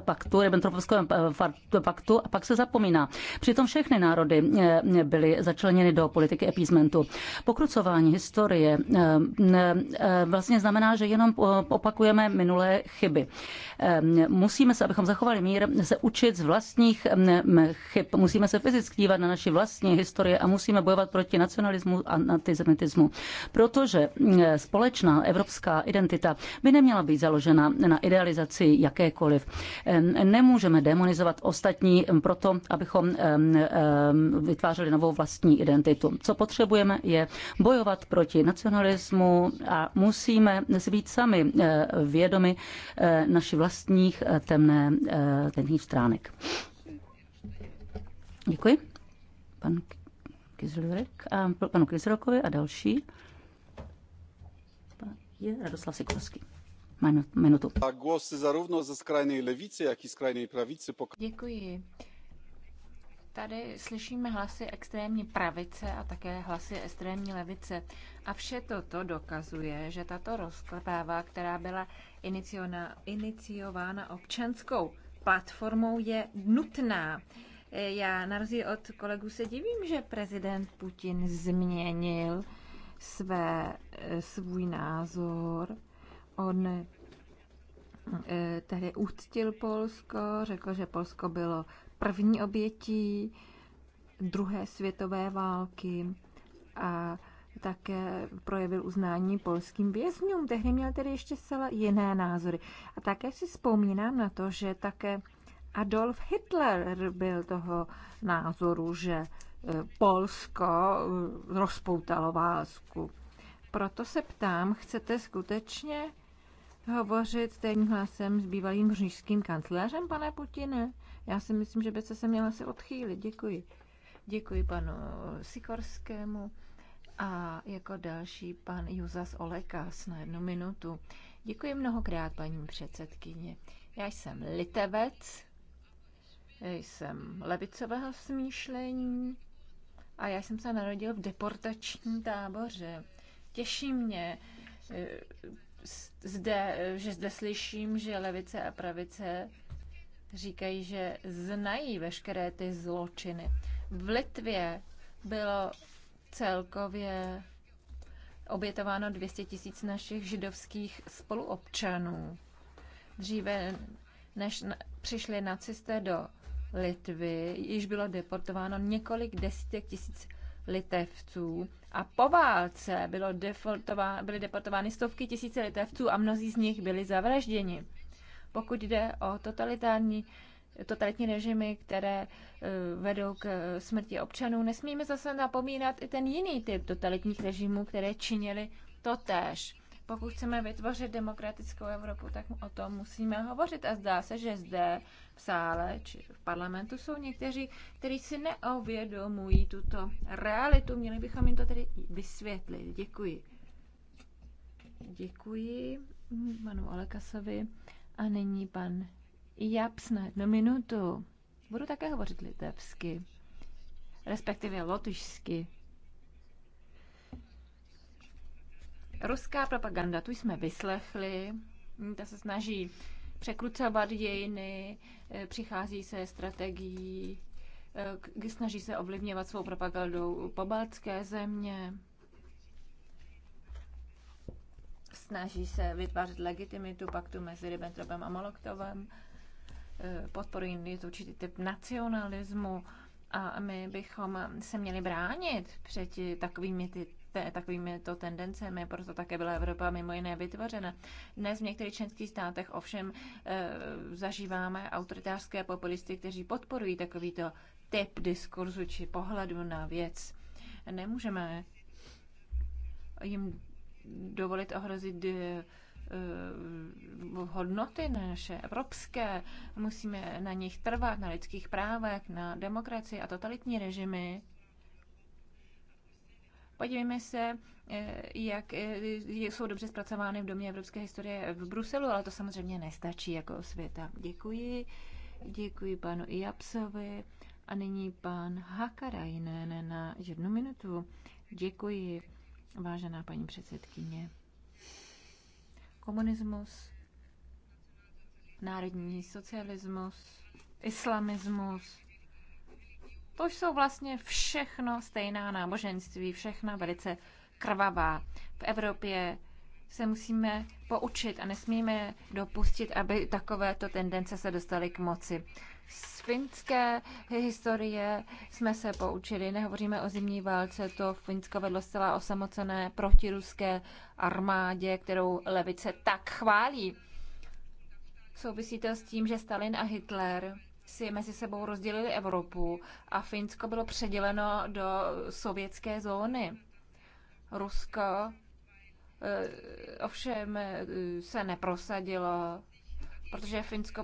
[SPEAKER 6] paktu, Ribbentropovskému paktu a pak se zapomíná. Přitom všechny národy byly začleněny do politiky appeasementu. Pokrucování historie e, vlastně znamená, že jenom opakujeme minulé chyby. E, musíme se, abychom zachovali mír, se učit z vlastních chyb. Musíme se fyzicky dívat na naši vlastní historie a musíme bojovat proti nacionalismu a antisemitismu. Protože společně společná evropská identita by neměla být založena na idealizaci jakékoliv. Nemůžeme demonizovat ostatní proto, abychom vytvářeli novou vlastní identitu. Co potřebujeme, je bojovat proti nacionalismu a musíme si být sami vědomi našich vlastních temné, temných stránek. Děkuji. Pan Kizlurek a panu Kizrokovi a další je Radoslav Sikorský. Minutu.
[SPEAKER 2] A głosy zarówno ze
[SPEAKER 1] jak i skrajnej prawicy.
[SPEAKER 7] Děkuji. Tady slyšíme hlasy extrémní pravice a také hlasy extrémní levice. A vše toto dokazuje, že tato rozklepáva, která byla iniciována občanskou platformou, je nutná. Já na rozdíl od kolegů se divím, že prezident Putin změnil své, eh, svůj názor. On eh, tehdy uctil Polsko, řekl, že Polsko bylo první obětí druhé světové války a také projevil uznání polským vězňům. Tehdy měl tedy ještě zcela jiné názory. A také si vzpomínám na to, že také Adolf Hitler byl toho názoru, že Polsko eh, rozpoutalo válsku. Proto se ptám, chcete skutečně hovořit stejným hlasem s bývalým říšským kancléřem, pane Putine? Já si myslím, že byste se měla se odchýlit. Děkuji. Děkuji panu Sikorskému. A jako další pan Juzas Olekas na jednu minutu. Děkuji mnohokrát, paní předsedkyně. Já jsem litevec, jsem levicového smýšlení a já jsem se narodil v deportačním táboře. Těší mě eh, zde, eh, že zde slyším, že levice a pravice říkají, že znají veškeré ty zločiny. V Litvě bylo celkově obětováno 200 tisíc našich židovských spoluobčanů. Dříve, než přišli nacisté do Litvy již bylo deportováno několik desítek tisíc Litevců a po válce bylo deportová, byly deportovány stovky tisíce Litevců a mnozí z nich byli zavražděni. Pokud jde o totalitární totalitní režimy, které e, vedou k e, smrti občanů, nesmíme zase napomínat i ten jiný typ totalitních režimů, které činili totéž. Pokud chceme vytvořit demokratickou Evropu, tak o tom musíme hovořit. A zdá se, že zde v sále či v parlamentu jsou někteří, kteří si neovědomují tuto realitu. Měli bychom jim to tedy vysvětlit. Děkuji. Děkuji panu Olekasovi. A nyní pan Japs na jednu minutu. Budu také hovořit litevsky, respektive lotyšsky. Ruská propaganda, tu jsme vyslechli, ta se snaží překrucovat dějiny, eh, přichází se strategií, eh, snaží se ovlivňovat svou propagandou pobaltské země, snaží se vytvářet legitimitu paktu mezi Ribbentropem a Moloktovem, eh, podporují určitý typ nacionalismu a my bychom se měli bránit před takovými ty té, takovými to tendencemi, proto také byla Evropa mimo jiné vytvořena. Dnes v některých členských státech ovšem e, zažíváme autoritářské populisty, kteří podporují takovýto typ diskurzu či pohledu na věc. Nemůžeme jim dovolit ohrozit e, hodnoty naše evropské, musíme na nich trvat, na lidských právech, na demokracii a totalitní režimy Podívejme se, eh, eh, jak jsou dobře zpracovány v Domě evropské historie v Bruselu, ale to samozřejmě nestačí jako světa. Děkuji. Děkuji panu Iapsovi a nyní pan Hakarajnen na jednu minutu. Děkuji, vážená paní předsedkyně. Komunismus, národní socialismus, islamismus, to jsou vlastně všechno stejná náboženství, všechna velice krvavá. V Evropě se musíme poučit a nesmíme dopustit, aby takovéto tendence se dostaly k moci. Z finské historie jsme se poučili, nehovoříme o zimní válce, to Finsko vedlo zcela osamocené protiruské armádě, kterou levice tak chválí. Souvisí to s tím, že Stalin a Hitler si mezi sebou rozdělili Evropu a Finsko bylo předěleno do sovětské zóny. Rusko eh, ovšem eh, se neprosadilo, protože Finsko